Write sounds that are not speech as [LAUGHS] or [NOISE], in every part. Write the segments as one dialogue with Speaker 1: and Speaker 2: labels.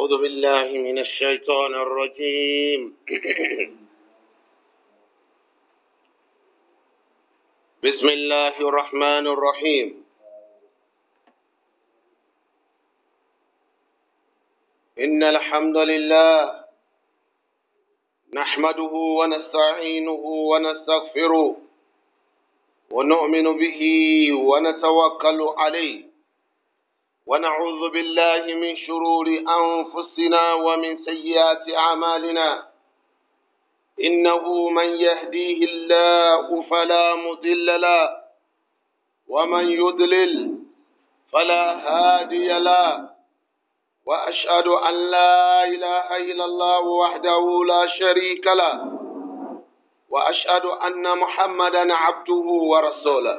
Speaker 1: أعوذ بالله من الشيطان الرجيم [CLEARS THROAT] بسم الله الرحمن الرحيم إن الحمد لله نحمده ونستعينه ونستغفره ونؤمن به ونتوكل عليه ونعوذ بالله من شرور أنفسنا ومن سيئات أعمالنا إنه من يهديه الله فلا مضل له ومن يضلل فلا هادي له وأشهد أن لا إله إلا الله وحده لا شريك له وأشهد أن محمدا عبده ورسوله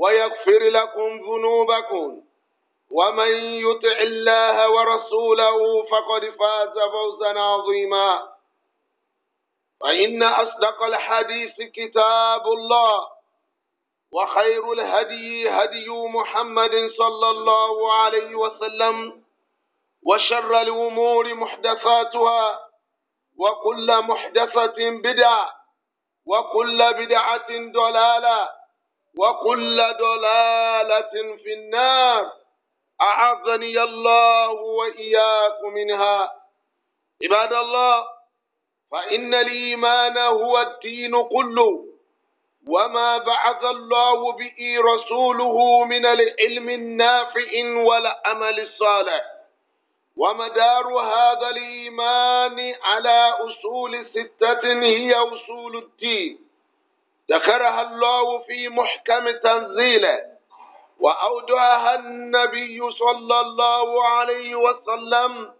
Speaker 1: ويغفر لكم ذنوبكم ومن يطع الله ورسوله فقد فاز فوزا عظيما فإن أصدق الحديث كتاب الله وخير الهدي هدي محمد صلى الله عليه وسلم وشر الأمور محدثاتها وكل محدثة بدعة وكل بدعة ضلالة وكل ضلالة في النار أعظني الله وإياكم منها عباد الله فإن الإيمان هو الدين كله وما بعث الله به رسوله من العلم النافع والعمل الصالح ومدار هذا الإيمان على أصول ستة هي أصول الدين ذكرها الله في محكم تنزيله وأودعها النبي صلى الله عليه وسلم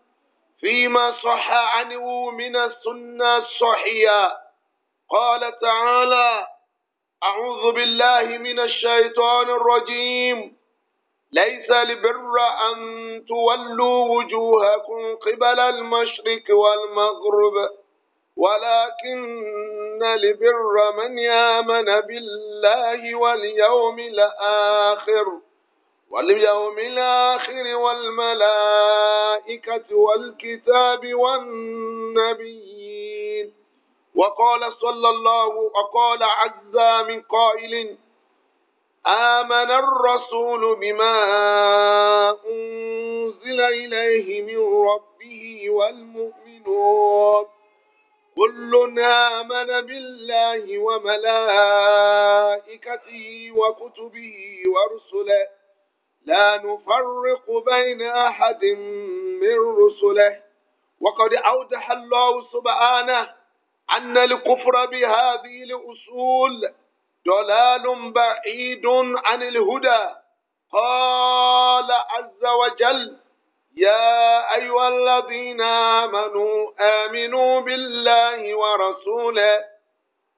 Speaker 1: فيما صح عنه من السنة الصحية قال تعالى أعوذ بالله من الشيطان الرجيم ليس البر أن تولوا وجوهكم قبل المشرق والمغرب ولكن لبر من آمن بالله واليوم الآخر
Speaker 2: واليوم
Speaker 1: الآخر والملائكة والكتاب والنبيين وقال صلى الله وقال عز من قائل آمن الرسول بما أنزل إليه من ربه والمؤمنون كل آمن بالله وملائكته وكتبه ورسله لا نفرق بين أحد من رسله وقد أوضح الله سبحانه أن الكفر بهذه الأصول ضلال بعيد عن الهدى قال عز وجل يا أيها الذين آمنوا آمنوا بالله ورسوله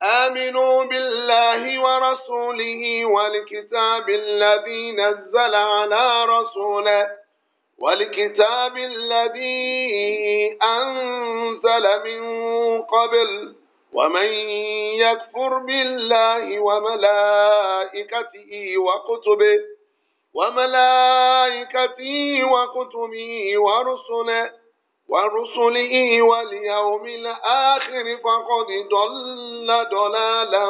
Speaker 1: آمنوا بالله ورسوله والكتاب الذي نزل على رسوله والكتاب الذي أنزل من قبل ومن يكفر بالله وملائكته وكتبه وملائكتي وكتبه ورسله ورسله واليوم الآخر فقد ضل ضلالا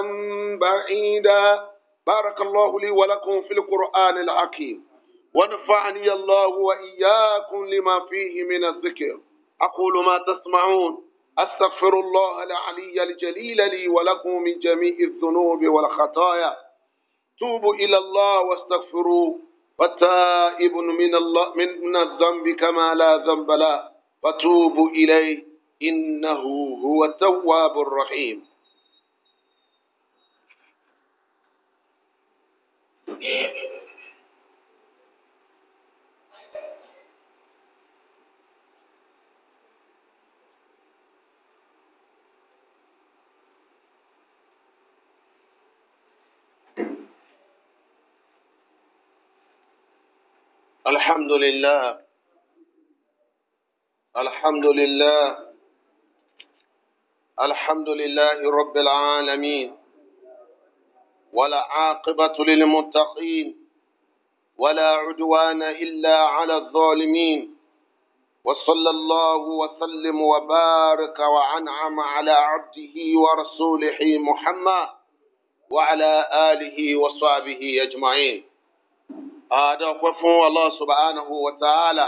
Speaker 1: بعيدا بارك الله لي ولكم في القرآن الحكيم ونفعني الله وإياكم لما فيه من الذكر أقول ما تسمعون أستغفر الله العلي الجليل لي ولكم من جميع الذنوب والخطايا توبوا إلى الله واستغفروه وتائب من الله من, الذنب كما لا ذنب له وتوبوا إليه إنه هو التواب الرحيم Yeah. [LAUGHS] الحمد لله الحمد لله الحمد لله رب العالمين ولا عاقبة للمتقين ولا عدوان إلا على الظالمين وصلى الله وسلم وبارك وعنعم على عبده ورسوله محمد وعلى آله وصحبه أجمعين àdọ́pẹ́ fún Allah subhanahu wa ta'ala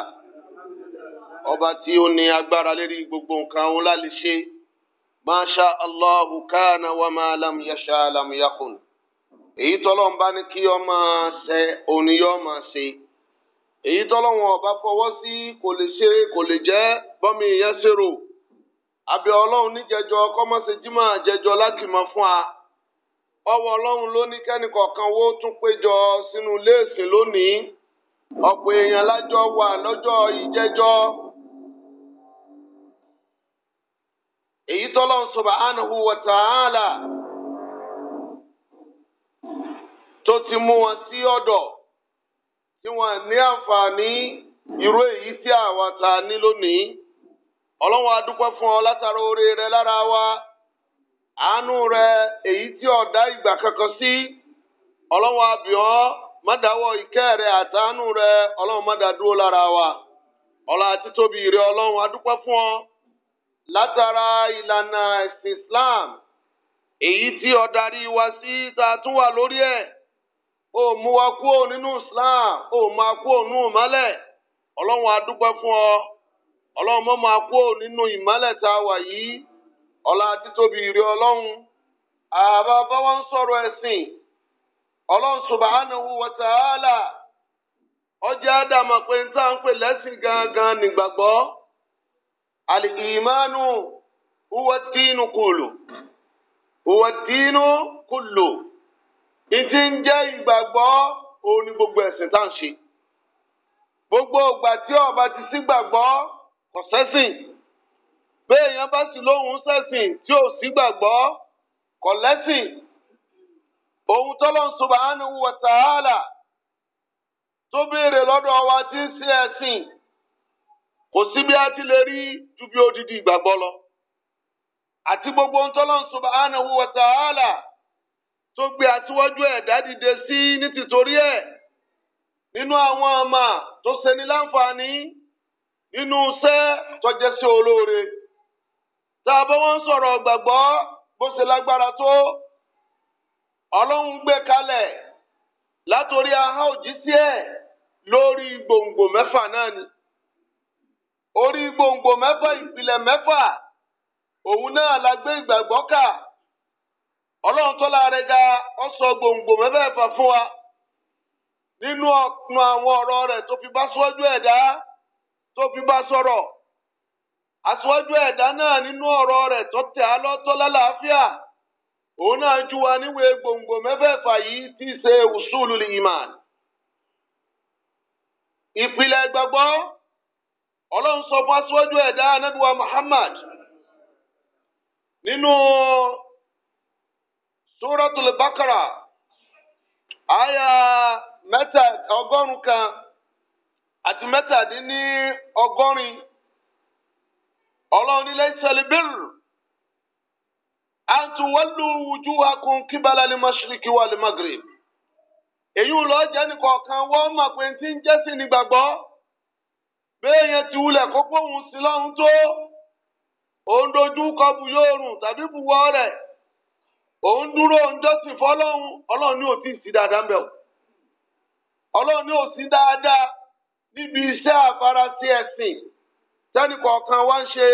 Speaker 1: ọba tí ó ní agbára lérí gbogbo nǹkan òun láti ṣe masha Allahu kana wa ma lam yasha lam yakun èyí tọ́lọ́run bá ní kí ó máa ṣe òun yó máa ṣe èyí tọ́lọ́run ọba fọwọ́ sí kò lè ṣe kò lè jẹ́ bọ́mi ìyẹn ṣèrò àbí ọlọ́run níjẹjọ kọ́mọ́sẹ̀ jimá láti mọ̀ fún wa. ọwọ́ ọlọ́run ló ní kẹ́nìkọ̀ọ̀kan wo tún péjọ sínú iléèsìn lónìí ọ̀pọ̀ èèyàn lájọ wà lọ́jọ́ ìjẹ́jọ́ èyí tọ́lọ́run sọ̀bà subhanahu wọ̀tà ta'ala tó ti mú wọn sí ọ̀dọ̀ tí wọ́n ní àǹfààní irú èyí tí àwa ta ní lónìí ọlọ́run a fún ọ látara oore rẹ lára wa. àánú rẹ èyí tí ọ̀dá ìgbà kankan sí ọlọ́wọ́ àbíọ́ mọ́dàwọ́ ìkẹ́ rẹ àtàánú rẹ ọlọ́run mọ́dàdúró lára wa ọlá àti tóbi ìrẹ ọlọ́run adúpẹ́ fún ọ látara ìlànà ẹ̀sìn Islam èyí tí ọ̀dá rí wa sí tá tún wà lórí ẹ̀ ó mú wa kúrò nínú Islam ó máa kúrò nínú ìmọ́lẹ̀ ọlọ́run adúpẹ́ fún ọ ọlọ́run mọ́ máa kúrò nínú ìmọ́lẹ̀ tá a wà yìí. ọlá títóbi ìrì ọlọ́run àbá báwa ń sọ̀rọ̀ ẹ̀sìn ọlọ́run subhanahu wa ta'ala ọjà àdàmọ̀ pé ń tá ń pè lẹ́sìn gangan nígbàgbọ́ alìkìmánu huwa dínú kùlù huwa dínú kùlù ìtí ń jẹ́ ìgbàgbọ́ òun gbogbo ẹ̀sìn tá à ń ṣe gbogbo ìgbà tí ọba ti sí gbàgbọ́ kò sẹ́sìn. bí èèyàn bá sì lóhun ṣẹ̀sìn tí ò sí gbàgbọ́ kọ̀lẹ́sìn ohun tọ́lọ́ subhanahu wa ta'ala tó béèrè lọ́dọ̀ wa tí ń ṣe ẹ̀sìn kò sí bí a ti lè rí ju bí odidi ìgbàgbọ́ lọ àti gbogbo ohun tọ́lọ́ subhanahu wa ta'ala tó gbé àtiwájú ẹ̀dá dìde sí ní tìtorí ẹ̀ nínú àwọn àmà tó ṣeni láǹfààní nínú iṣẹ́ tó jẹ́ sí olóore. tá a bá wọn sọ̀rọ̀ gbàgbọ́ bó ṣe lágbára tó ọlọ́run gbé kalẹ̀ látòrí ahá òjíṣẹ́ lórí gbòǹgbò mẹ́fà náà ni orí gbòǹgbò mẹ́fà ìpìlẹ̀ mẹ́fà òun náà la gbé ìgbàgbọ́ kà ọlọ́run ga ọ sọ gbòǹgbò fún wa nínú aṣíwájú ẹ̀dá náà nínú ọ̀rọ̀ rẹ̀ tó tẹ̀ á lọ́tọ́ lálàáfíà òun náà ju wa níwèé gbòǹgbò yìí ti ṣe usulu liman ìpìlẹ̀ gbàgbọ́ ọlọ́run sọ fún Muhammad nínú suratul àyà ọlọ́run nílẹ̀ ìsẹ̀lẹ̀bẹ̀rù àtúwọ́lù wujuhakum kíbalà lil mashriqi wal maghrib èyí ń lọ jẹ́ nìkọ̀ọ̀kan wọ́n mọ̀ pé tí ń jẹ́sí ní gbàgbọ́ bẹ́ẹ̀ yẹn ti wulẹ̀ kó pòun sí lọ́hún tó òun dojú kọ buyóorùn tàbí buwọ́ rẹ̀ òun dúró òun jọ́sìn fọlọ́hún ọlọ́run ní òtí sí dáadáa ń bẹ̀ o ọlọ́run ní dáadáa níbi iṣẹ́ àfarasí ẹ̀sìn. tẹ́nì kọ̀ọ̀kan wá ń ṣe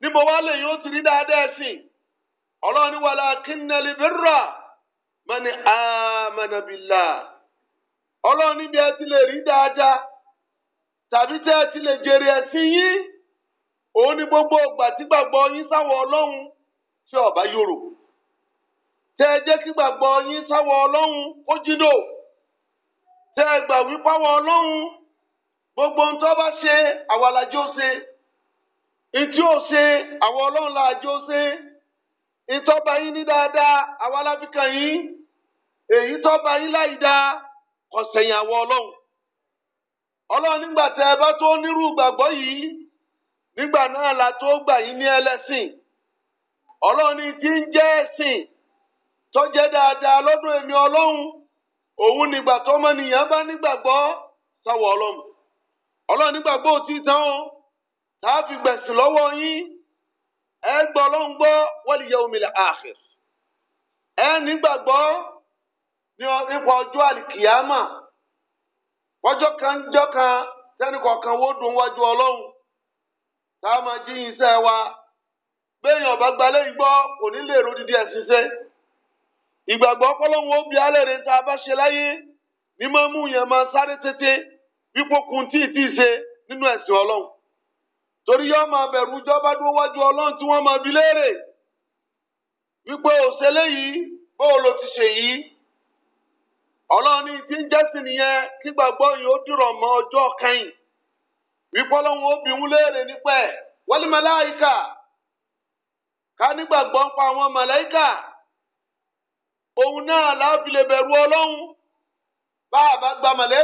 Speaker 1: níbo wá lè yóò ti rí dáadáa sí ọlọ́run ní walakinna al-birra man amana billah ọlọ́run níbi ẹ ti lè rí dáadáa tàbí tẹ́ ẹ ti lè jèrè ẹ̀sìn yín òun ni gbogbo ìgbà tí gbàgbọ́ yín sáwọ́ ọlọ́run tí ọ̀bá yòrò tẹ́ ẹ jẹ́ kí gbàgbọ́ yín sáwọ́ ọlọ́run ó jídò tẹ́ ẹ gbà wípáwọ́ ọlọ́run. gbogbo ń tọ́ bá ṣe àwa làjọ ṣe ìtí ò ṣe àwọn ọlọ́run làjọ ṣe yín ní dáadáa àwa lábíkan yín èyí tọ́ba yín láì dáa kò sẹ̀yìn àwọn ọlọ́run ọlọ́run nígbà ẹ bá tó nírú gbàgbọ́ yìí nígbà náà la tó gbà yín ní ẹlẹ́sìn ọlọ́run ní ti ń jẹ́ ẹ̀sìn jẹ́ dáadáa lọ́dún èmi ọlọ́run nígbàgbọ́ òtí tán o tá a fi gbẹ̀sìn lọ́wọ́ yín ẹ gbọ́ ọlọ́run gbọ́ wal yawmil akhir ẹ nígbàgbọ́ nípa ọjọ́ àlìkìyàmà ọjọ́ kan jọ́ kan tẹ́nìkọ̀ọ̀kan wó dùn wájú ọlọ́run tá a máa jí iṣẹ́ wa béèyàn bá gbalẹ̀ ìgbọ́ kò ní lè ro dídí ẹ̀sìn ṣe ìgbàgbọ́ ọpọlọ́run ó bí alẹ́ rẹ̀ tá a bá ṣe láyé ní máa yẹn máa sáré tètè. ìgbókun tí ìdí ṣe nínú ẹ̀sìn ọlọ́run torí yóò máa bẹ̀rù jọ́ bá dúró wájú ọlọ́run tí wọ́n máa bi léèrè wípé òṣèlè yìí bóò ló ti ṣe yìí ọlọ́run ní ti ń jẹ́sìn nìyẹn kí yìí ó dìrọ̀ mọ́ ọjọ́ kẹ́yìn wípé ọlọ́run ó bi wọ́n léèrè ká nígbàgbọ́ pa àwọn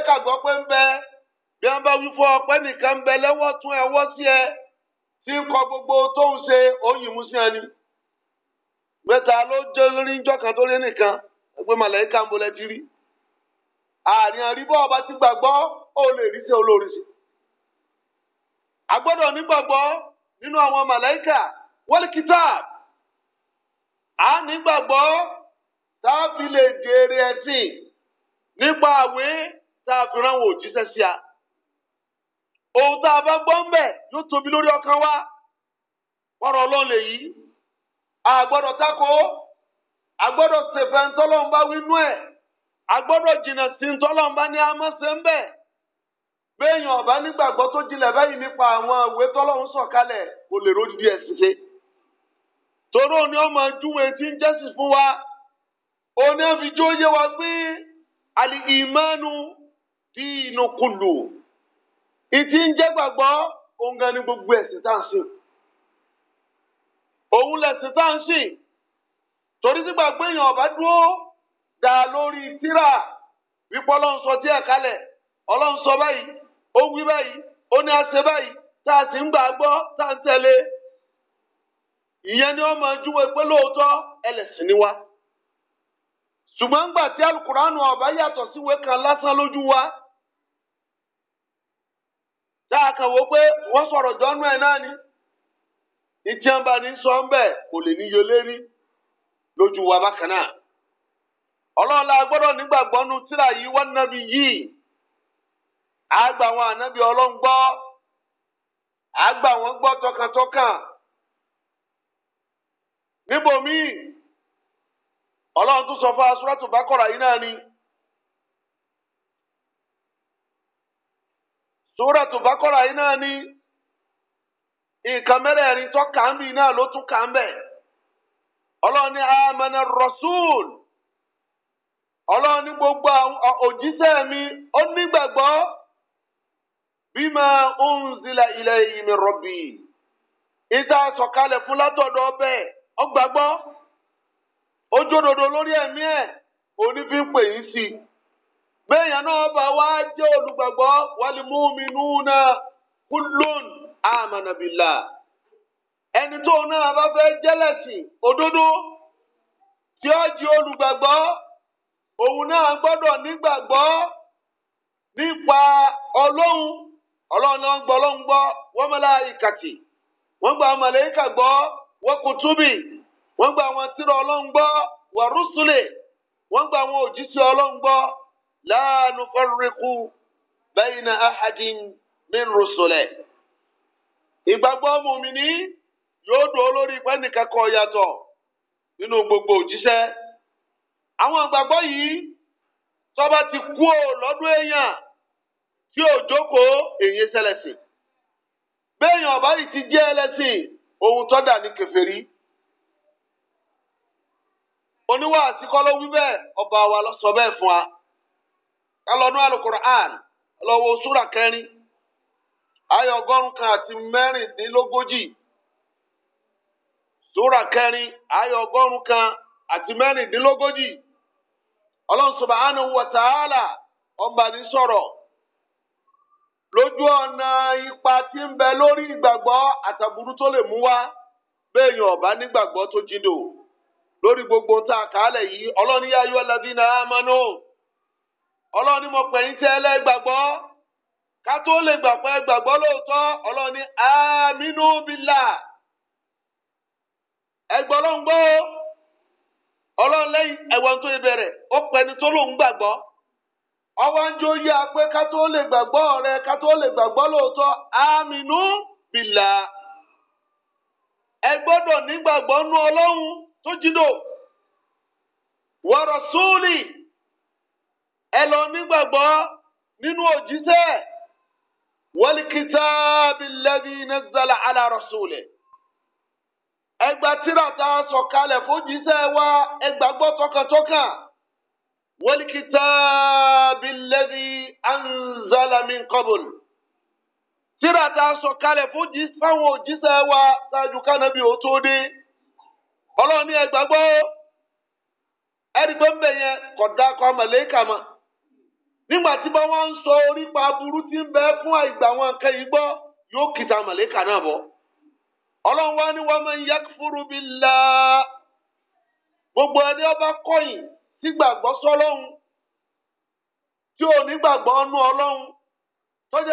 Speaker 1: gba gbọ́ bí wọn bá wí fún ọ pé nìkan ń bẹ lọ́wọ́ tún ẹwọ́ sí ẹ tí ń kọ gbogbo tó ń ṣe oyin mú sí ẹni mẹ́ta ló jẹ lórí ńjọ kan tó rí nìkan pé màlẹ́kà ń bolẹ́ ti rí àárín àríbọ̀ ọba ti gbàgbọ́ ó lè rí sí olórí sí a gbọ́dọ̀ nígbàgbọ́ nínú àwọn màlẹ́kà wal kitab a nígbàgbọ́ tá a fi lè jèrè ẹ̀sìn nípa àwé tá a fi ránwó sí a. ohun tá a bá gbọ́ ń yóò tóbi lórí ọkàn wa ọ̀rọ̀ ọlọ́run lè a gbọ́dọ̀ tako a gbọ́dọ̀ ṣèfẹ́ ntọ́lọ́run bá wínú ẹ̀ a jìnnà sí ntọ́lọ́run bá ní amọ́sẹ̀ ọ̀bá nígbàgbọ́ tó jinlẹ̀ báyìí nípa àwọn ìwé tọ́lọ́run kò lè ìtí ń jẹ́ gbàgbọ́ òun gan ni gbogbo ẹ̀sìn tá à ń sìn òun lẹ̀sìn tá à ń sìn torí èèyàn ọ̀bá dúró dà lórí wípé ọlọ́run sọ díẹ̀ kalẹ̀ ọlọ́run sọ báyìí ó wí báyìí ó ní àṣẹ báyìí tá a sì ń wa. tá a pé wọ́n sọ̀rọ̀ jọ́nú ẹ̀ náà ni ìjàmbá ní sọ ń bẹ̀ kò lè níye lérí lójú wa bákan náà ọlọ́run gbọ́dọ̀ nígbàgbọ́ nu tíra yìí wọ́n nábì yìí àgbà wọn ànábì ọlọ́run gbọ́ àgbà wọn gbọ́ tọkàntọkàn níbòmíì ọlọ́run tún sọ fún asúrátù bákọ̀rọ̀ yìí náà ni. Suratu Baqara yìí náà ní nǹkan mẹ́rẹ̀ẹ̀rin tó kà ń náà ló tún kà ń Ọlọ́run ní amana Ọlọ́run ní gbogbo òjíṣẹ́ mi ó nígbàgbọ́ bima unzila ilayhi min rabbi ìta sọ̀kalẹ̀ fún látọ̀dọ̀ ọbẹ̀ ọgbàgbọ́ lórí ẹ̀mí ẹ̀ ń pè yín bẹ́ẹ̀yàn náà wa wá jẹ́ olùgbàgbọ́ wal mu'minuna kullun amana billah ẹni tó náà bá fẹ́ jẹ́lẹ̀sìn òdodo tí ó jẹ́ olùgbàgbọ́ òun náà gbọ́dọ̀ nígbàgbọ́ nípa ọlọ́run ọlọ́run náà gbọ́ ọlọ́run gbọ́ wọ́n mọ́lá ìkàtì wọ́n gba àwọn màlẹ́kà gbọ́ wọ́n kò gba àwọn ọlọ́run gbọ́ wọ́n gba àwọn ọlọ́run لا نفرق بين أحد من رسله ìgbàgbọ́ mòmìnì yóò dùn olórí ipá nìkan kò yàtọ̀ nínú gbogbo òjíṣẹ́ àwọn ìgbàgbọ́ yìí tọ́ba ti kú ò lọ́dún èèyàn tí ò jókòó èyí ṣẹlẹ̀sìn béèyàn ọ̀bá yìí ti jẹ́ ẹlẹ́sìn ohun tọ́dà ní kèfèrí oníwàásí kọ́ ló wí bẹ́ẹ̀ ọba wa ló sọ bẹ́ẹ̀ fún wa. ká lọ ní alukur'an lọ wo súrà kẹrin ayé ọgọ́rùn kan àti mẹ́rìndínlógójì súrà kẹrin ayé ọgọ́rùn kan àti mẹ́rìndínlógójì ọlọ́run subhanahu wa ta'ala ọba ní sọ̀rọ̀ lójú ọ̀nà ipa tí ń bẹ lórí ìgbàgbọ́ àtàbùrú tó lè mú wá béèyàn ọ̀bá nígbàgbọ́ tó jíndò lórí gbogbo tá a kàálẹ̀ yìí ọlọ́run yá yọ ladina amanu. ọlọ́run ni mo pè yín tẹ́ ẹlẹ́gbàgbọ́ ká tó lè gbàgbọ́ ẹgbàgbọ́ lóòótọ́ ọlọ́run ni àmínú bílà ẹgbọ́ ló ń gbọ́ ọlọ́run lẹ́yìn ẹ̀wọ̀n tó ó pẹni tó lòún gbàgbọ́ ọwọ́ ń jó yá pé ká tó lè gbàgbọ́ rẹ ká tó ẹ lọ nígbàgbọ́ nínú òjíṣẹ́ wal kitabil ladhi nazzala ala rasulih ẹgbà tíra tá a sọ̀kalẹ̀ fòjíṣẹ́ wa ẹgbàgbọ́ tọkàntọkàn wal kitabil ladhi anzala min qabl tíra tá a sọ̀kalẹ̀ fáwọn òjíṣẹ́ wa ṣáájú kánábì ó ọlọ́ọ̀ni ẹgbàgbọ́ ẹ̀rí pé bẹ̀yẹn kọ̀dá kọ́ mọ̀lẹ́kà mọ́. nígbà tí bá wọn ń sọ orípa burú ti ń bẹ fún àìgbà wọn nǹkan yìí gbọ́ yóò kìtà màlẹ́kà náà bọ̀ ọlọ́run wá ní wọ́n máa ń yakfuru gbogbo ẹni ọba kọ̀yìn tí gbàgbọ́ sọ́lọ́run tí ò ní tó pé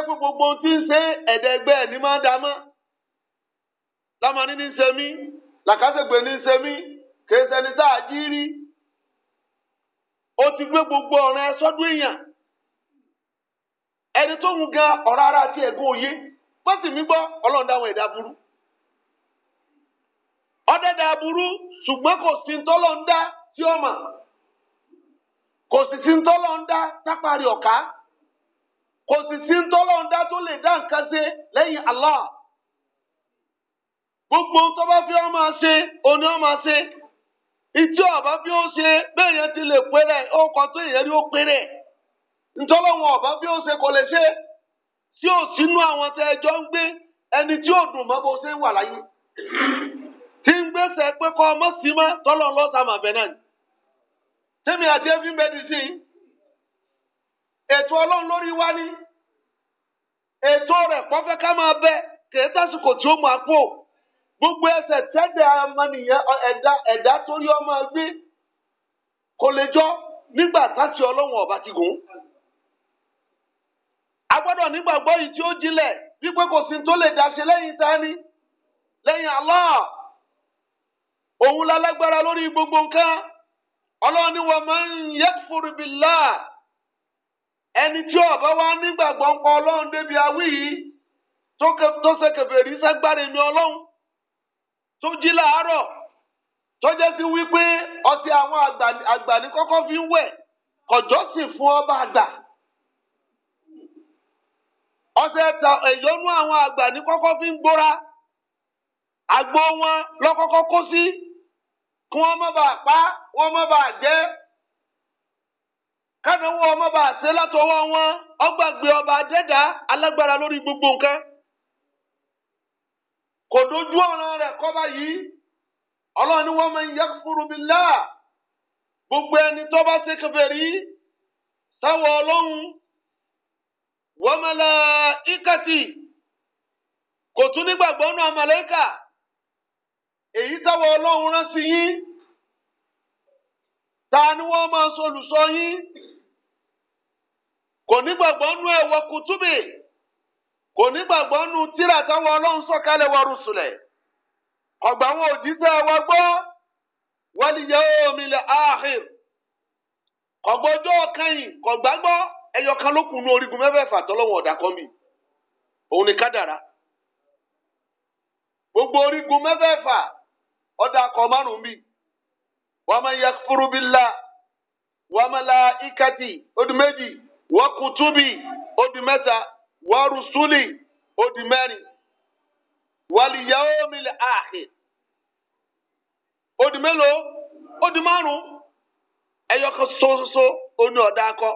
Speaker 1: gbogbo ohun tí ń ṣe ẹ̀ẹ́dẹ́gbẹ́ ẹ̀ máa dá ní ṣe mí làkàṣègbè ní ṣe mí ti gbé gbogbo sọ́dún ẹni tó ń gan ọ̀rọ̀ ara ti ẹ̀gún òye wọ́n sì mí gbọ́ ọlọ́run dáwọn ẹ̀dá burú. ọdẹ dá burú ṣùgbọ́n kò sí tọ́lọ́ ń dá tí ó mà kò sì sí ń dá tápárí lẹ́yìn Allah gbogbo tó bá fi ọmọ ṣe oní ọmọ ṣe ti lè ó tó ìyẹn ntọ́lọ́wọ́n ọ̀bá bí ó ṣe kò lè ṣe tí ó sínú àwọn tẹ́ ẹjọ́ ń gbé ẹni tí ó dùn mọ́ bó ṣe ń wà láyé tí ń gbèsè pé kọ́ ọmọ sí mọ́ tọ́lọ́ lọ́sàmà bẹ̀ náà tẹ́mi àti ẹ fi ń bẹ́ẹ̀ sí ètò ọlọ́run lórí wá ní ètò rẹ̀ pọ́fẹ́ ká máa bẹ kèé tásìkò tí ó máa pò gbogbo ẹsẹ̀ tẹ́tẹ̀ ọmọnìyàn ẹ̀dá ẹ̀dá torí ọmọ gbé kò lè jọ nígbà táti ọlọ́run ọ̀bá ti gùn a gbọ́dọ̀ nígbàgbọ́ yìí tí ó jinlẹ̀ wípé kò sí tó lè dàṣe lẹ́yìn tani lẹ́yìn Allah òun lálágbára lórí gbogbo nǹkan ọlọ́run ni wa man yakfur billah ẹni tí ọ̀bá wa nígbàgbọ́ ń pa ọlọ́run débi awí yìí tó ṣe kèfèrí ságbára mi ọlọ́run tó jí làárọ̀ tó sí wípé ọtí àwọn àgbà ní kọ́kọ́ fi ń wẹ̀ kọ̀jọ́sìn fún ọba àgbà. ọsẹ ta ìyọnu àwọn àgbà ní kọ́kọ́ fi ń gbóra àgbo wọn lọkọkọ kó sí kí wọn má bàa pa wọn má bàa jẹ kádànwó ọmọ bá ṣe wọn ọgbàgbé ọba àjẹdá alágbára lórí gbogbo nǹkan kò dojú ọ̀ràn kọ́ba yìí ọlọ́run ni wọ́n máa ń yẹ mi gbogbo ẹni tó bá wa ikati kò tún nígbàgbọ́ nù àmàlẹ́kà èyí táwọn ọlọ́run rán sí yín ta ni wọ́n máa sọ olùsọ yín kò nígbàgbọ́ nù ẹ̀wọ̀ kùtùbì kò nígbàgbọ́ nù tírà táwọn ọlọ́run sọ̀kalẹ̀ wà rùsùlẹ̀ ọgbà àwọn òjíṣẹ́ wa gbọ́ wal yawmil akhir kọ̀gbọ́jọ́ kẹyìn kọ̀gbàgbọ́ ẹyọ kan ló kù ní orígun mẹ́fẹ̀ẹ̀fà tọ́lọ́wọ̀n ọ̀dà kan mi òun ni kádàrá gbogbo orígun mẹ́fẹ̀ẹ̀fà ọ̀dà kan márùn-ún mi wa man yakfuru billah wa malaikati ó di méjì wa kutubi ó di mẹ́ta wa rusuli ó di mẹ́rin wal yawmil akhir ó di mélòó ó di márùn-ún ẹyọ kan ṣoṣo ó ní kan.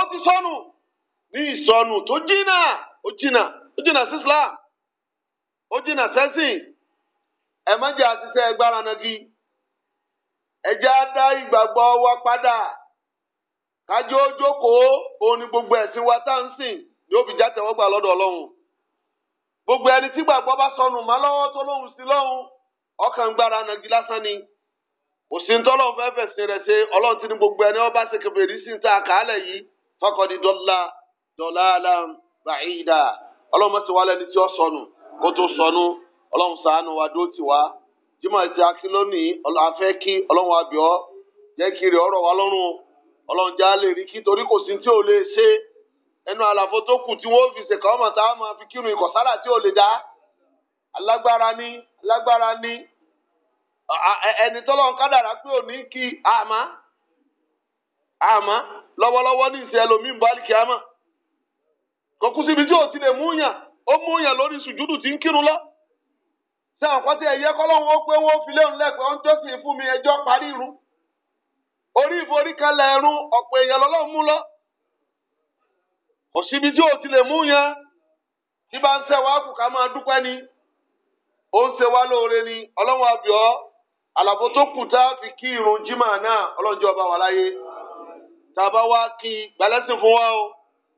Speaker 1: ó ti sọnù ní ìsọnù tó jìnnà ó jìnnà ó jìnnà sí Islam ó jìnnà sẹ́sìn ẹ má jẹ́ àṣìṣe ẹgbára nagi ẹ jẹ́ dá ìgbàgbọ́ wa padà kájọ ojókòó òun ni gbogbo ẹ̀sìn wa tá ń ni ó fi já tẹ̀wọ́gbà lọ́dọ̀ gbogbo ẹni tí gbàgbọ́ bá sọnù má lọ́wọ́ tó lóhùn sí lọ́hùn ọkàn gbára lásán ni kò sí ní ọba ṣe kẹfẹ́ rí sí ní ta fakọdi dọla dọla ala bàyìdà ọlọmọ ti wà lẹni tí ó sọnù kó tó sọnù ọlọmọ sànù wa dó ti wá jimá ti akin lónìí afẹ kí ọlọmọ abiọ jẹ kiri ọ̀rọ̀ wa lọ́rùn ọlọmọdé alẹ rí kí torí kò sí tí ò lè ṣe ẹnu àlàfo tó kù tí wọn fi ṣèkà ọmọ tá a máa fi kírun ikọ̀ sára tí ò lè dá alágbára ní alágbára ní ẹni tọ́lọ́ ń kádàrá pé ò ní Ama, lọwọlọwọ ní ìṣe ẹlòmíì ń bọ́ àlìkíyàmọ́ kò kú síbi tí ò ti lè mú yàn ó mú yàn lórí sùjúdù tí ń kírun lọ ṣé àwọn ti ẹ̀yẹ kọ́lọ́hún ó pé wọ́n fi léhùn lẹ́pẹ́ ó ń fún mi ẹjọ́ parí irun orí ìforí kalẹ̀ ẹ̀rún ọ̀pọ̀ èèyàn lọ́lọ́run mú lọ kò síbi tí ti lè mú yàn tí bá ń ṣe wá ni ó ń ṣe wá ni ọlọ́run àbíọ́ àlàbò tó fi kí irun jimá náà ọlọ́run tàbá wá kí gbalẹ́sìn fún wa o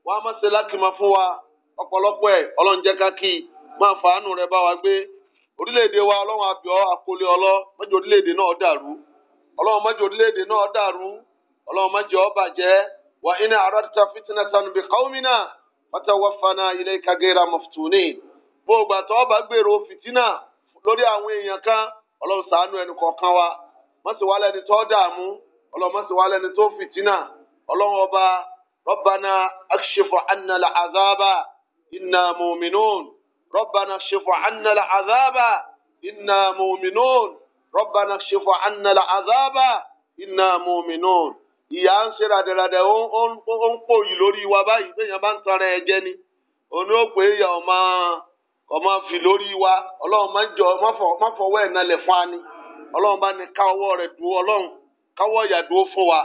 Speaker 1: wà má ṣe lákìmọ̀ fún wa ọ̀pọ̀lọpọ̀ ẹ̀ ọlọ́run jẹ́ ká kí máa fàánù rẹ bá wa gbé orílẹ̀-èdè wa ọlọ́run àbíọ́ àkọlé ọlọ́ mọ́jọ orílẹ̀-èdè náà dàrú ọlọ́run orílẹ̀-èdè náà dàrú ọlọ́run wà iná ilé kagera ọba gbèrò lórí kan wa mọ́sí wàá lẹni tó dààmú ọlọ́run mọ́sí tó ọlọ́run ọba rọ́bànà akṣẹ́fọ̀ ànàlà àzábà iná mòmìnún rọ́bànà akṣẹ́fọ̀ ànàlà àzábà iná mòmìnún rọ́bànà akṣẹ́fọ̀ ànàlà àzábà iná mòmìnún. ìyá ń ṣe ràdẹ̀ràdẹ̀ ó ń pòyì lórí wa báyìí téèyàn bá ń tan ara ẹ jẹ ni òní ó pè é yà ọmọ ọmọ fi lórí wa ọlọ́run má jọ má ẹ̀ nalẹ̀ fún wa ni ọlọ́run bá ní ká rẹ̀ dúró ọlọ́run káwọ́ ìyà fún wa.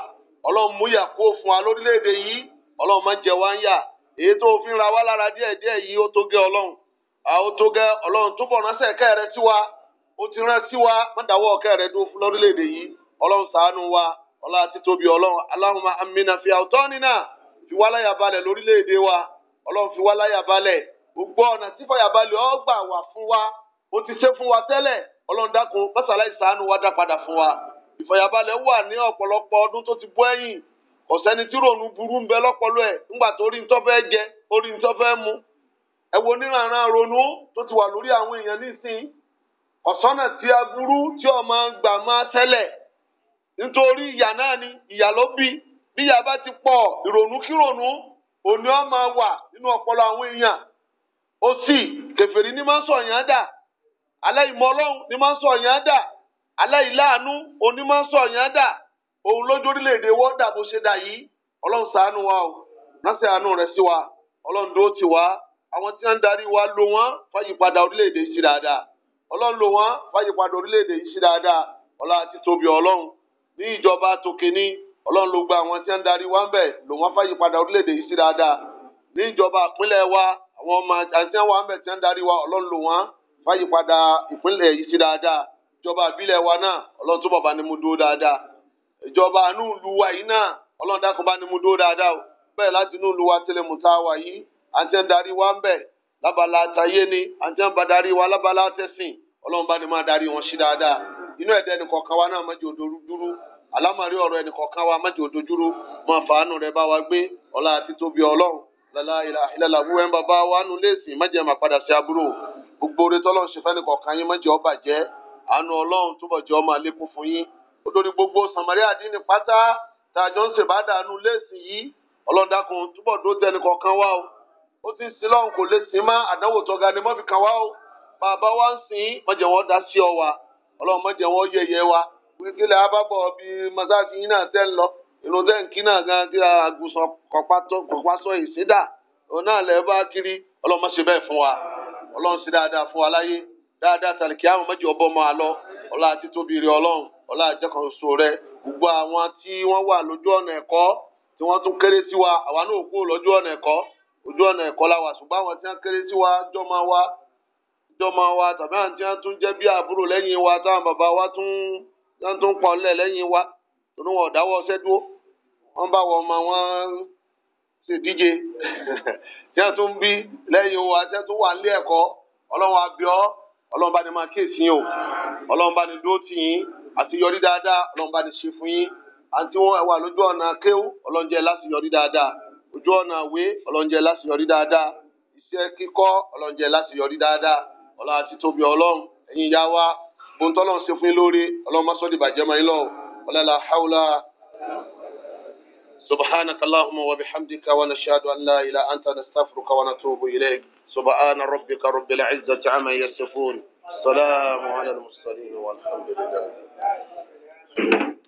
Speaker 1: ọlọ́run mú yà kó fún wa lórílẹ̀‐èdè yìí ọlọ́run máa ń jẹ wá ń yà èyí tó fi ń ra wá lára díẹ̀ díẹ̀ yìí ó tó gẹ́ ọlọ́run àwọn tó gẹ́ ọlọ́run túbọ̀ ránṣẹ́ kẹ́ rẹ sí wa ó ti rán sí wa rẹ fún lórílẹ̀‐èdè yìí ọlọ́run wa tóbi ọlọ́run amina fi fi wá láyà balẹ̀ lórílẹ̀ wa ọlọ́run fi wá láyà gbogbo ọ̀nà tí ó fún wa ìfọ̀yàbalẹ̀ wà ní ọ̀pọ̀lọpọ̀ ọdún tó ti bọ́ ẹ̀yìn kò sẹ́ni tí ròònù burú ń bẹ lọ́pọlọ ẹ̀ ńgbà tó rí nítorí fẹ́ jẹ ó rí nítorí fẹ́ mu ẹ wo oníranran ronú tó ti wà lórí àwọn èèyàn nísìnyí ọ̀sánà tí a burú tí ọmọ gbà máa tẹ́lẹ̀ nítorí ìyà náà ni ìyà ló bí bí ìyà bá ti pọ̀ ìrònú kírònú òní ọmọ wà nínú ọpọlọ àwọn èèyàn ó sì kèfèrí ní máa ń sọ yàn dà aláìmọ̀ Ọlọ́run ní máa ń sọ dà aláìláàánú onímọ̀sọ̀yàn dà òun lójú orílẹ̀-èdè wọ́dà bó ṣe dà yìí ọlọ́run ṣàánú wa o ránṣẹ́ àánú rẹ̀ sí wa ọlọ́run dúró tì wá àwọn tí wọ́n ń darí wa lò wọ́n fàyípadà orílẹ̀-èdè yìí sí dáadáa ọlọ́run lò wọ́n fàyípadà orílẹ̀-èdè yìí sí dáadáa ọlá àti tóbi ọlọ́run ní ìjọba tòkè ní ọlọ́run ló gba àwọn tí wọ́n ń darí wa ń bẹ̀ lò wọ́n fàyípadà orílẹ̀-èdè yìí sí dáadáa ní ìjọba ìpínlẹ̀ wa àwọn ọmọ àti àwọn àmì tí wọ́n ń darí wa ọlọ́run lò wọ́n fàyípadà ìpínlẹ̀ yìí sí dáadáa ìjọba àbílẹ̀ wa náà ọlọ́run tó bàbá ni mo dúró dáadáa ìjọba àánú ìlú wa yìí náà ọlọ́run dákun bá ni mo dúró dáadáa o bẹ́ẹ̀ láti inú ìlú wa tẹlẹmùtà wa yìí àti ẹ̀ ń darí wa ń bẹ̀ lábala àtàyé ni àti ẹ̀ ń bá darí wa lábala àtẹ̀sìn ọlọ́run bá ni máa darí wọn sí dáadáa inú ẹ̀dẹ́ ẹnìkọ̀ọ̀kan wa náà mọ́jọ́ òdòdó dúró àlámọ̀rí ọ̀rọ̀ ẹnìkọ̀ọ̀kan wa mọ́jọ́ òdòdó máa fàánù rẹ bá wa gbé ọlá àti tóbi ọlọ́run lálá ìlàlá wúwẹ́ bàbá wa nù léèsì mọ́jẹ́ máa padà sí àbúrò gbogbo oore tọ́lọ́run ṣe fẹ́nìkọ̀ọ̀kan yín mọ́jẹ́ ó àánú ọlọ́run túbọ̀ jẹ́ ọmọ àlékún fún yín ó gbogbo samaria dínì pátá tá a jọ ń ṣèbádàánú léèsì yìí ọlọ́run túbọ̀ dó tẹnì kọ̀ọ̀kan o ó ti ń sin lọ́run kò lè sin má àdánwò tọ́ga ni mọ́fì o bàbá wa ọ wa ọlọ́run mọ̀jẹ̀ wọn wa abábọ̀ bí masáàkì yín náà tẹ́ ń lọ inú tẹ́ ń kí náà gan kí kọ̀pásọ òun bá kiri ọlọ́run mọ̀ ṣe dáadáa tàlìkì àwọn méjì ọbọ ma lọ ọlá àti tóbi rẹ Ọlọ́run ọlá sọ rẹ gbogbo àwọn tí wọ́n wà lójú ọ̀nà ẹ̀kọ́ tí wọ́n tún kéré sí wa àwa náà kú lójú ọ̀nà ẹ̀kọ́ ojú la wà àwọn tí kéré sí wa wa tàbí àwọn tí tún bí àbúrò wa táwọn bàbá wa tún wa wọn dúró bá wọ ọmọ wọn [LAUGHS] tí tún bí wa tí tún wà nílé ọlọ́run bá ní máa kíyèsí yín o ọlọ́run bá ní dúró tì yín àti yọrí dáadáa ọlọ́run bá ní ṣe fún yín àti wọn wà lójú ọ̀nà kéwù ọlọ́run jẹ́ láti yọrí dáadáa ojú ọ̀nà àwé ọlọ́run jẹ́ láti yọrí dáadáa iṣẹ́ kíkọ́ ọlọ́run jẹ́ láti yọrí dáadáa ọlọ́run àti tóbi ọlọ́run ẹ̀yin ìyá wa ohun tọ́lọ́run ṣe fún yín lóore ọlọ́run má sọ di bàjẹ́ mọ́ yín lọ ọlọ́la haula wa bihamdika wa nashhadu an la ilaha anta nastaghfiruka wa natubu ilayk. سبحان ربك رب العزة عما يصفون سلام على المرسلين والحمد لله